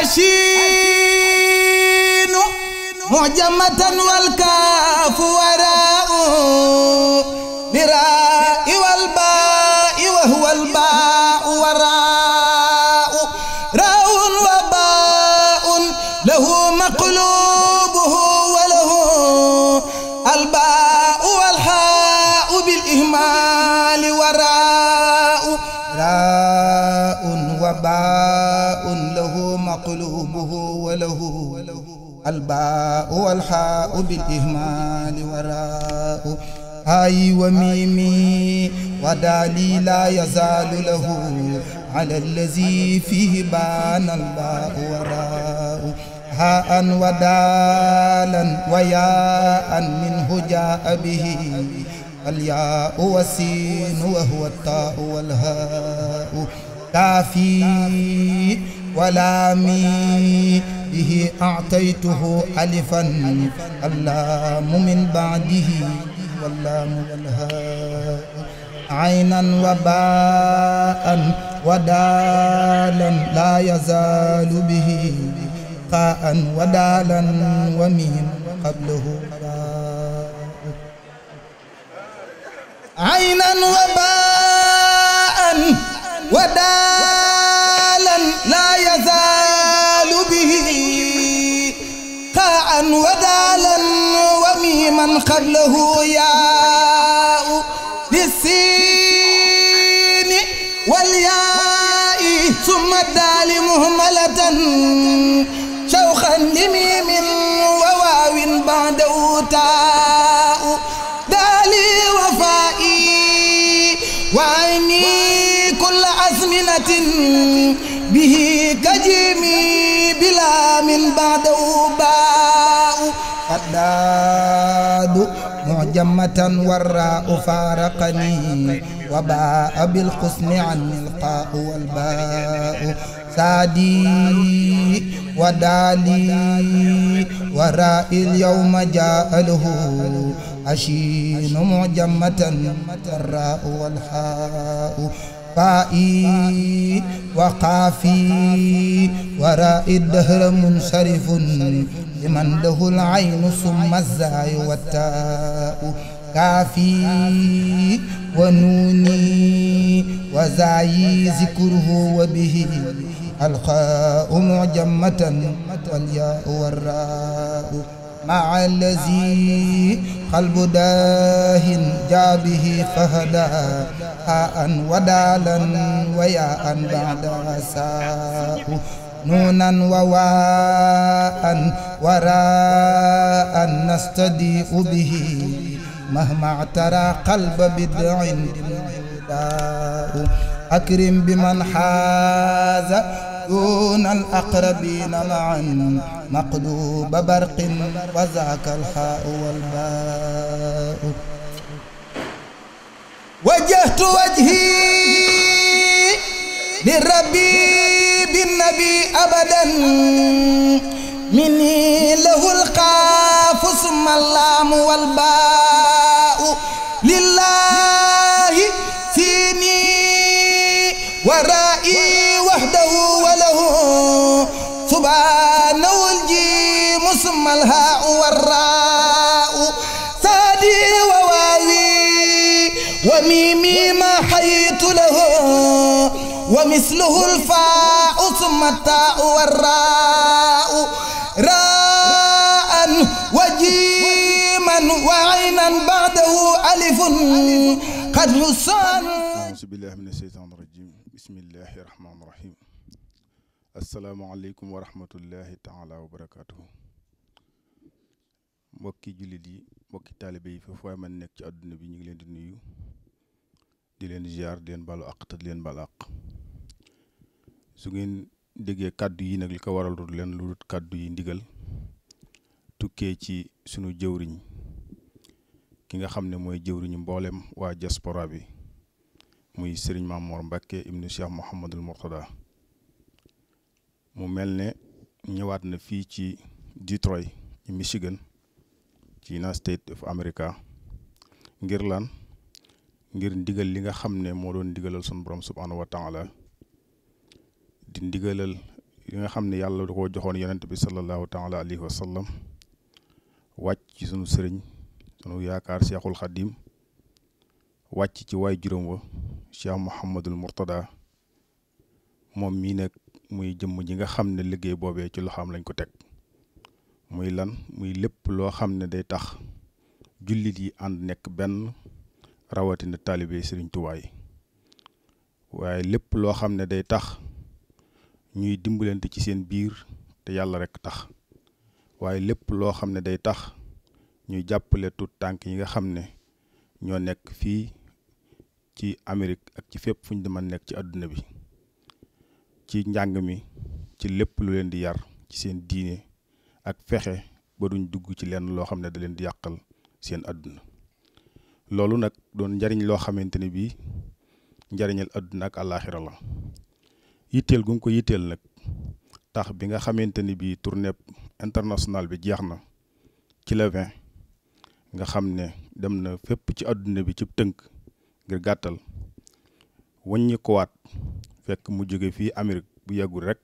الحشين معجمة والكاف وراء لراء أباء له مقلوبه وله الباء والحاء بالإهمال وراء هاي وميمي ودالي لا يزال له على الذي فيه بان الباء وراء هاء ودالا وياء منه جاء به الياء والسين وهو التاء والهاء كافي ولامي به أعطيته ألفا اللام من بعده واللام والهاء عينا وباء ودالا لا يزال به قاء ودالا وميم قبله عينا وباء ودالا قبله ياء للسين والياء ثم الدال مهملة شوخا لميم وواو بعد تاء دالي وفائي وعيني كل أزمنة به كجيمي بلا من بعد daadu mujamatan warra ufaraqani wa baa bil xusni an ilqaau walbaau saadi wa daali wa raa'il yawma jaalahu ashiinu mujamatan warraau walhaau faa'i wa qaafi wa raa'id dahra munsarifun liman lahu al-aynu summa zaayu wa taa'u kaafi wa nuuni wa zaayi zikruhu wa bihi alxaa'u mujammatan wal yaa'u warraa'u ma'a allazi qalbu daahin jaa bihi fahadaa haa'an wa daalan wa yaa'an ba'da saa'u nuunan wa waan waraan nastadiu bihi mahma tara qalba bid'in akrim bi man xaaza duna al aqrabina maan maqluba barqin wa zaaka al xaau wal baau wajjahtu wajhi li rabbi بالنبي أبدا مني له القاف ثم اللام والباء لله سيني ورائي وحده وله سبحانه الجيم ثم الهاء والراء سادي وواوي وميمي ما حييت له ومثله الفاء ثم التاء والراء راء وجيما وعينا بعده ألف قد حسان أعوذ بالله من الشيطان الرجيم بسم الله الرحمن الرحيم السلام عليكم ورحمة الله تعالى وبركاته mbokki jullit yi mbokki taalibe yi foofu waaye man nekk ci àdduna bi ñu ngi leen di nuyu di leen ziar di leen balu àq te di leen balu àq su ngeen déggee kàddu yi nag li ko waral du leen lu dul kàddu yi ndigal tukkee ci sunu jëwriñ ki nga xam ne mooy jëwriñu mbooleem waa jaspora bi muy sëriñ Mamour Mbacke ibnu Cheikh Mouhamadul Mourtada mu mel ne ñëwaat na fii ci Detroit ci Michigan ci United States of America ngir lan ngir ndigal li nga xam ne moo doon digalal sunu borom subhanahu wa taala di ndigalal yi nga xam ne yàlla du ko joxoon yonent bi sallallahu taala alayhi wa sallam wàcc ci sunu sëriñ sunu yaakaar Cheikhul Xadim wàcc ci waay juróom wa Cheikh Mouhamadul Mourtada moom mii nag muy jëmm ji nga xam ne liggéey boobee ci loxo am lañ ko teg muy lan muy lépp loo xam ne day tax jullit yi ànd nekk benn rawatina taalibe sëriñtuwaay waaye lépp loo xam ne day tax ñuy dimbalante ci seen biir te yàlla rek tax waaye lépp loo xam ne day tax ñuy jàppale tut tànk yi nga xam ne ñoo nekk fii ci Amérique ak ci fépp fu ñu di nekk ci àdduna bi ci njàng mi ci lépp lu leen di yar ci seen diine ak fexe ba duñ dugg ci lenn loo xam ne da leen di yàqal seen àdduna loolu nag doon njariñ loo xamante ne bii njariñal àdduna ak àllaaxira la yitteel gu nga ko yitteel nag tax bi nga xamante ni bii tournée internationale bi jeex na ci la 20 nga xam ne dem na fépp ci àdduna bi ci tënk ngir gàttal wàññi ko fekk mu jóge fii Amérique bu yeggul rek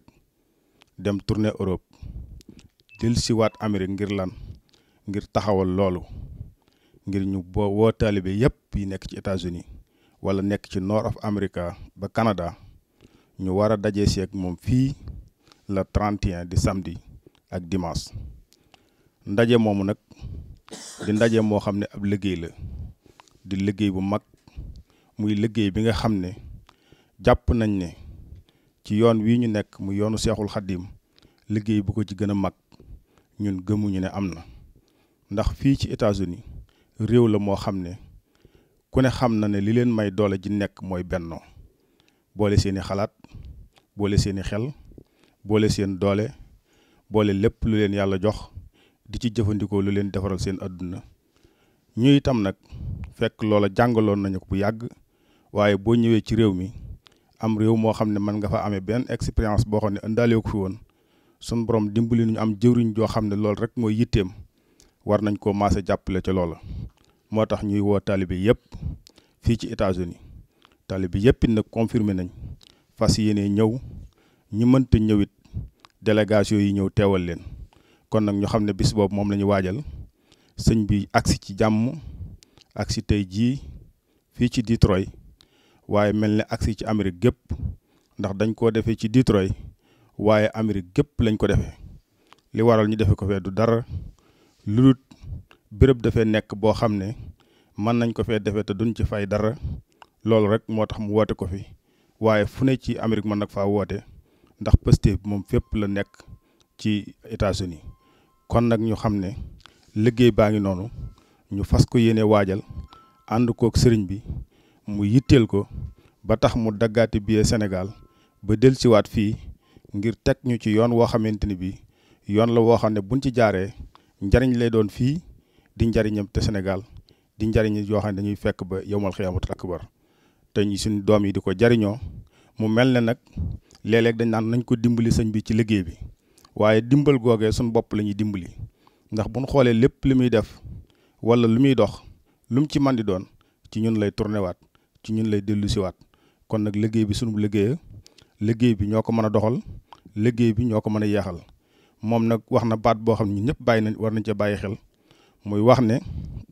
dem tournée Europe del si waat Amérique ngir lan ngir taxawal loolu ngir ñu boo woo taalibe yépp yi nekk ci États-Unis wala nekk ci Nord of America ba Canada ñu war a daje si moom fii le 31 di samedi ak dimaas ndaje moomu nag di ndaje moo xam ne ab liggéey la di liggéey bu mag muy liggéey bi nga xam ne jàpp nañ ne ci yoon wii ñu nekk mu yoonu seexul xaddim liggéey bu ko ci gën a mag ñun gëmuñu ne am na ndax fii ci états réew la moo xam ne ku ne xam na ne li leen may doole ji nekk mooy bennoo boole seeni xalaat boole seeni xel boole seen doole boole lépp lu leen yàlla jox di ci jëfandikoo lu leen defaral seen àdduna ñuy itam nag fekk loola jàngaloon nañu ko bu yàgg waaye boo ñëwee ci réew mi am réew moo xam ne mën nga fa amee benn expérience boo xam ne ëndaale ko fi woon sun borom dimbali ñu am jëwriñ joo xam ne loolu rek mooy yitteem war nañ koo maase jàppale ca loola moo tax ñuy woo taalibe yépp fii ci États-Unis taalibe yëpp it nag confirmé nañ fas yéene ñëw ñi mënta ñëwit délégation yi ñëw teewal leen kon nag ñu xam ne bis boobu moom lañu waajal sëñ bi agsi ci jàmm agsi tey jii fii ci Detroit waaye mel ne agsi ci Amérique gépp ndax dañ koo defee ci Detroit waaye Amérique gépp lañ ko defee li waral ñu defee ko fee du dara lu dul béréb dafee nekk boo xam ne mën nañ ko fee defee te duñ ci fay dara loolu rek moo tax mu woote ko fi waaye fu ne ci Amérique mën nag faa woote ndax Pastef moom fépp la nekk ci états kon nag ñu xam ne liggéey baa ngi noonu ñu fas ko yéene waajal ànd kook sëriñ bi mu yitteel ko ba tax mu daggaati biir Sénégal ba siwaat fii ngir teg ñu ci yoon woo xamante ni bii yoon la woo xam ne buñ ci jaaree njariñ lay doon fii di njariñam te Sénégal di njariñ yoo xam ne dañuy fekk ba yowmal xiyaamatul bar te ñu suñ doom yi di ko jariñoo mu mel na nag léeg-léeg dañ naan nañ ko dimbali sëñ bi ci liggéey bi waaye dimbal googee suñ bopp la ñuy dimbali ndax buñ xoolee lépp li muy def wala lu muy dox lu mu ci man di doon ci ñun lay tourné waat ci ñun lay dellusiwaat kon nag liggéey bi suñu liggéey liggéey bi ñoo ko mën a doxal liggéey bi ñoo ko mën a yeexal moom nag wax na baat boo xam ñu ñëpp bàyyi nañ war nañ ca bàyyi xel muy wax ne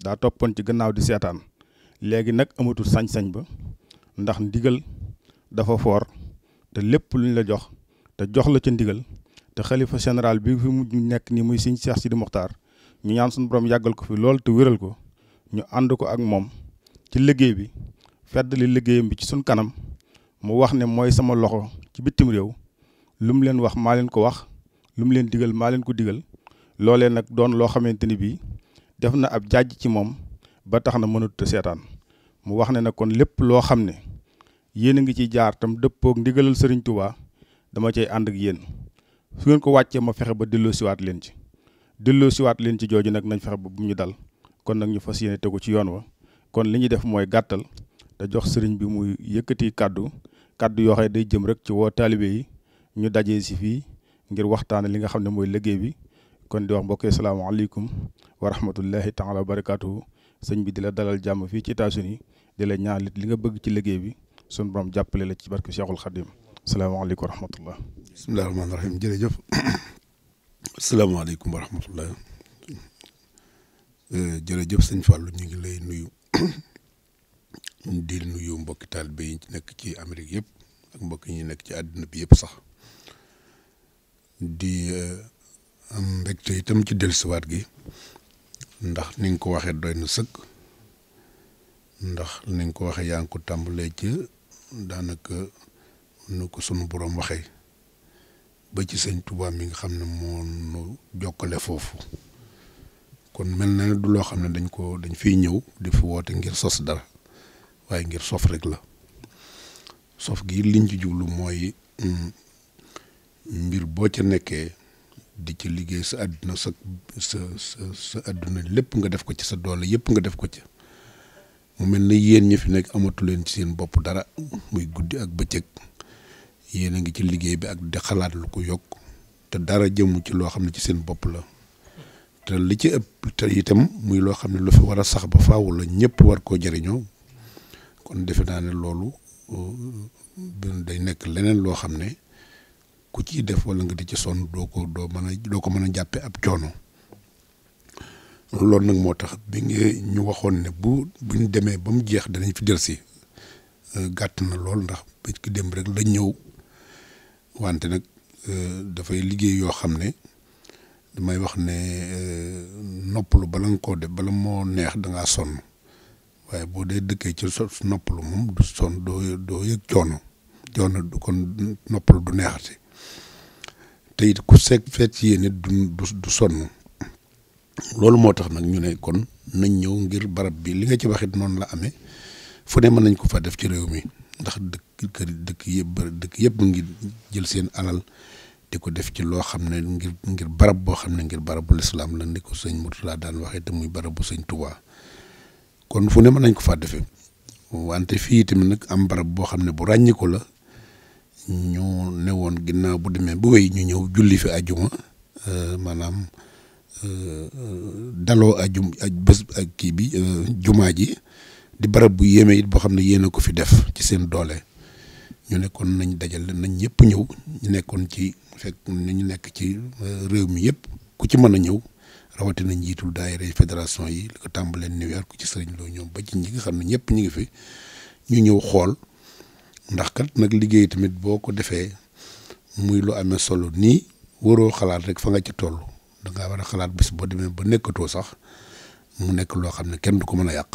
daa toppoon ci gannaaw di seetaan léegi nag amatul sañ-sañ ba ndax ndigal dafa foor te lépp luñ la jox te jox la ca ndigal te xalifa général bi fi mu nekk ni muy sëñ Cheikh Sidi Mokhtar ñu ñaan suñu borom yàggal ko fi lool te wéral ko ñu ànd ko ak moom ci liggéey bi fedd feddali liggéeyam bi ci suñ kanam mu wax ne mooy sama loxo ci bitim réew lu mu leen wax maa leen ko wax lu mu leen digal maa leen ko digal looleen nag doon loo xamante ni bii def na ab jàjj ci moom ba tax na mënut a seetaan mu wax ne nag kon lépp loo xam ne yéen a ngi ciy jaar tam dëppook ndigalal sëriñ Touba dama cay ànd ak yéen su ngeen ko wàccee ma fexe ba delloo siwaat leen ci delloo siwaat leen ci jooju nag nañ fexe ba bu ñu dal kon nag ñu fas yéene tegu ci yoon wa kon li ñuy def mooy gàttal te jox sëriñ bi muy yëkkati kàddu kàddu yoo xam ne day jëm rek ci woo taalibe yi ñu dajee si fii ngir waxtaane li nga xam ne mooy liggéey bi kon di wax mbokk yi salaamaaleykum wa rahmatullahi taala wa barakaatuhu sëñ bi di la dalal jàmm fii ci États-Unis di la ñaan li nga bëgg ci liggéey bi sunu borom jàppale la ci barke Cheikhul Khadim salaamaaleykum wa rahmatullah. bisimilah rahmaani rahiim jërëjëf. jërëjëf sëñ Fallou ñu ngi lay nuyu. di nuyu mbokki taalibe yi nekk ci Amérique yëpp ak mbokk yi nekk ci àdduna bi yëpp sax di eh, am mbégte itam ci siwaat gi ndax ni nga ko waxee doy na sëkk ndax ni ko waxee yaa ngi ko tàmbalee ci daanaka nu ko sunu borom waxee ba ci sëñ Touba mi nga xam ne moo nu jokkale foofu kon mel na ne du loo xam ne dañ ko dañ fi ñëw di fi woote ngir sos dara waaye ngir sof rek la sof gi liñ ci jublu mooy mm, mbir boo ca nekkee di ci liggéey sa àdduna sa sa sa sa àdduna lépp nga def ko ci sa doole yëpp nga def ko ci mu mel na yéen ñu fi nekk amatu leen ci seen bopp dara muy guddi ak bëccëg yéen a ngi ci liggéey bi ak di xalaat lu ko yokk te dara jëmu ci loo xam ne ci seen bopp la te li ci ëpp te itam muy loo xam ne lu fi war a sax ba faaw la ñëpp war koo jëriñoo kon defe naa ne loolu euh, day nekk leneen loo xam ne ku ci def wala nga di ci sonn doo ko doo mën a doo ko mën a jàppe ab coono loolu nag moo tax bi ñu waxoon ne bu bu ñu demee ba mu jeex danañ fi delsi euh, gàtt na lool ndax bët ki dem rek lañ ñëw wante nag euh, dafay liggéey yoo xam ne damay wax ne euh, noppalu bala nga koo def bala moo neex dangaa ngaa waaye boo dee dëkkee ci noppalu moom du sonn doo doo yëg coono coono du neex te te it ku seeg fekk ci yéen du du sonn loolu moo tax nag ñu ne kon nañ ñëw ngir barab bi li nga ci waxit noonu la amee fu ne mën nañ ko fa def ci réew mi ndax dëkk dëkk yëpp dëkk yëpp ngi jël seen alal di ko def ci loo xam ne ngir ngir barab boo xam ne ngir barabu lislaam la ni ko sëñ laa daan waxee te muy barabu sëñ Tuubaa kon fu ne mën nañ ko fa defee wante fii tamit nag am barab boo xam ne bu ràññiku la ñu ne woon ginnaaw bu demee bu wéy ñu ñëw julli fi ajuma euh, maanaam euh, daloo ajum aj bés ak kii bi euh, jumaa ji di barab bu yéeme it boo xam ne yéen a ko fi def ci seen doole ñu nekkoon nañ dajale nañ ñëpp ñëw ñu nekkoon ci ni ñu nekk ci réew mi yëpp ku ci mën a ñëw rawatina njiitul daayira fédération yi li ko tàmbalee New York ci sëriñ loo ñoom ci ñi nga xam ne ñëpp ñu ngi fi ñu ñëw xool. ndax kat nag liggéey tamit boo ko defee muy lu amee solo nii waroo xalaat rek fa nga ci toll da ngaa war a xalaat bés boo demee ba nekkatoo sax mu nekk loo xam ne kenn du ko mën a yàq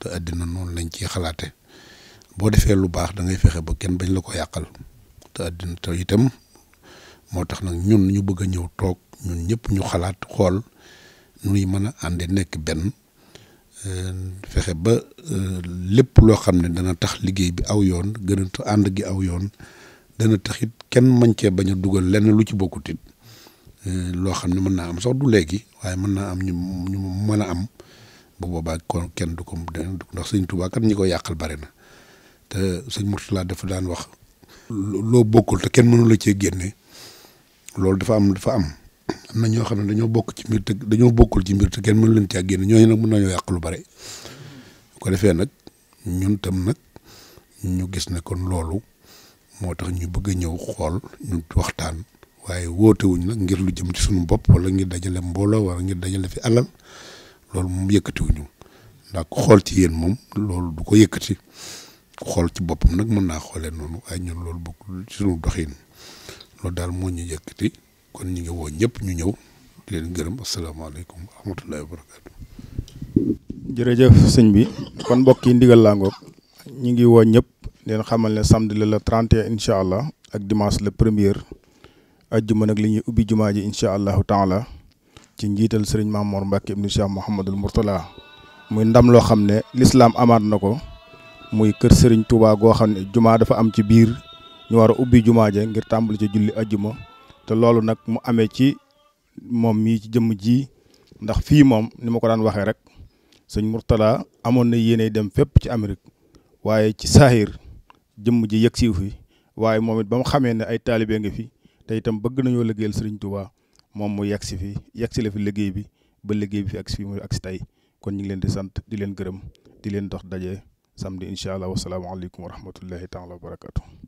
te àddina noonu lañ ciy xalaate boo defee lu baax da ngay fexe ba kenn bañ la ko yàqal te àddina te itam moo tax nag ñun ñu bëgg a ñëw toog ñun ñëpp ñu xalaat xool nu mën a ànde nekk benn Euh, fexe ba euh, lépp loo xam ne dana tax liggéey bi aw yoon gën a ànd gi aw yoon dana taxit kenn mañ cee bañ a dugal lenn lu ci bokkut it euh, loo xam ne mën naa am sax du léegi waaye mën naa am ñu ñu mën a am bu boobaa kon kenn du ko ndax sëñ Tuubaa kat ñi ko yàqal bari na te sëñ Murtala dafa daan wax. loo bokkul te kenn mënu la cee génne loolu dafa am dafa am. am na ñoo xam ne dañoo bokk ci mbir te dañoo bokkul ci mbir te kenn mënu leen caa génn ñooñu nag mën nañoo yàq lu bare ko defee nag ñun tam nag ñu gis ne kon loolu moo tax ñu bëgg a ñëw xool ñu waxtaan waaye woote wuñ nag ngir lu jëm ci sunu bopp wala ngir dajale mbooloo wala ngir dajale fi alal loolu moom yëkkatiwuñu ndax ku xool ci yéen moom loolu du ko yëkkati ku xool ci boppam nag mën naa xooleen noonu waaye ñun loolu bokkul ci suñu doxin loolu daal moo ñu yëkkati. kon ñu ngi woo ñëpp ñu ñëw di leen gërëm asalaamaaleykum wa rahmatullahi wa barakaatu. jërëjëf sëñ bi kon mbokk yi ndigal laa ngoog ñu ngi woo ñëpp leen xamal ne samedi la le 31 incha allah ak dimanche le premier ajjuma nag li ñuy ubbi jumaa ji incha allahu taala ci njiital sëriñ Mamour Mbacke ibnu Cheikh Mouhamadul Mourtala muy ndam loo xam ne lislaam amaat na ko muy kër sëriñ Touba goo xam ne jumaa dafa am ci biir ñu war a ubbi jumaa je ngir tàmbali ci julli ajjuma te loolu nag mu amee ci moom mii ci jëmm ji ndax fii moom ni ma ko daan waxee rek sëñ Mourtala amoon na yéene dem fépp ci Amérique waaye ci saahir jëmm ji yëg siiw fi waaye moom it ba mu xamee ne ay taalibee nga fi te itam bëgg nañoo liggéeyal sëriñ Touba moom mu yegg si fi yegg si la fi liggéey bi ba liggéey bi fi ak si fi mu ak si tey kon ñu ngi leen di sant di leen gërëm di leen dox daje samedi incha allah wasalaamaaleykum wa rahmatullahi taala wa barakaatu.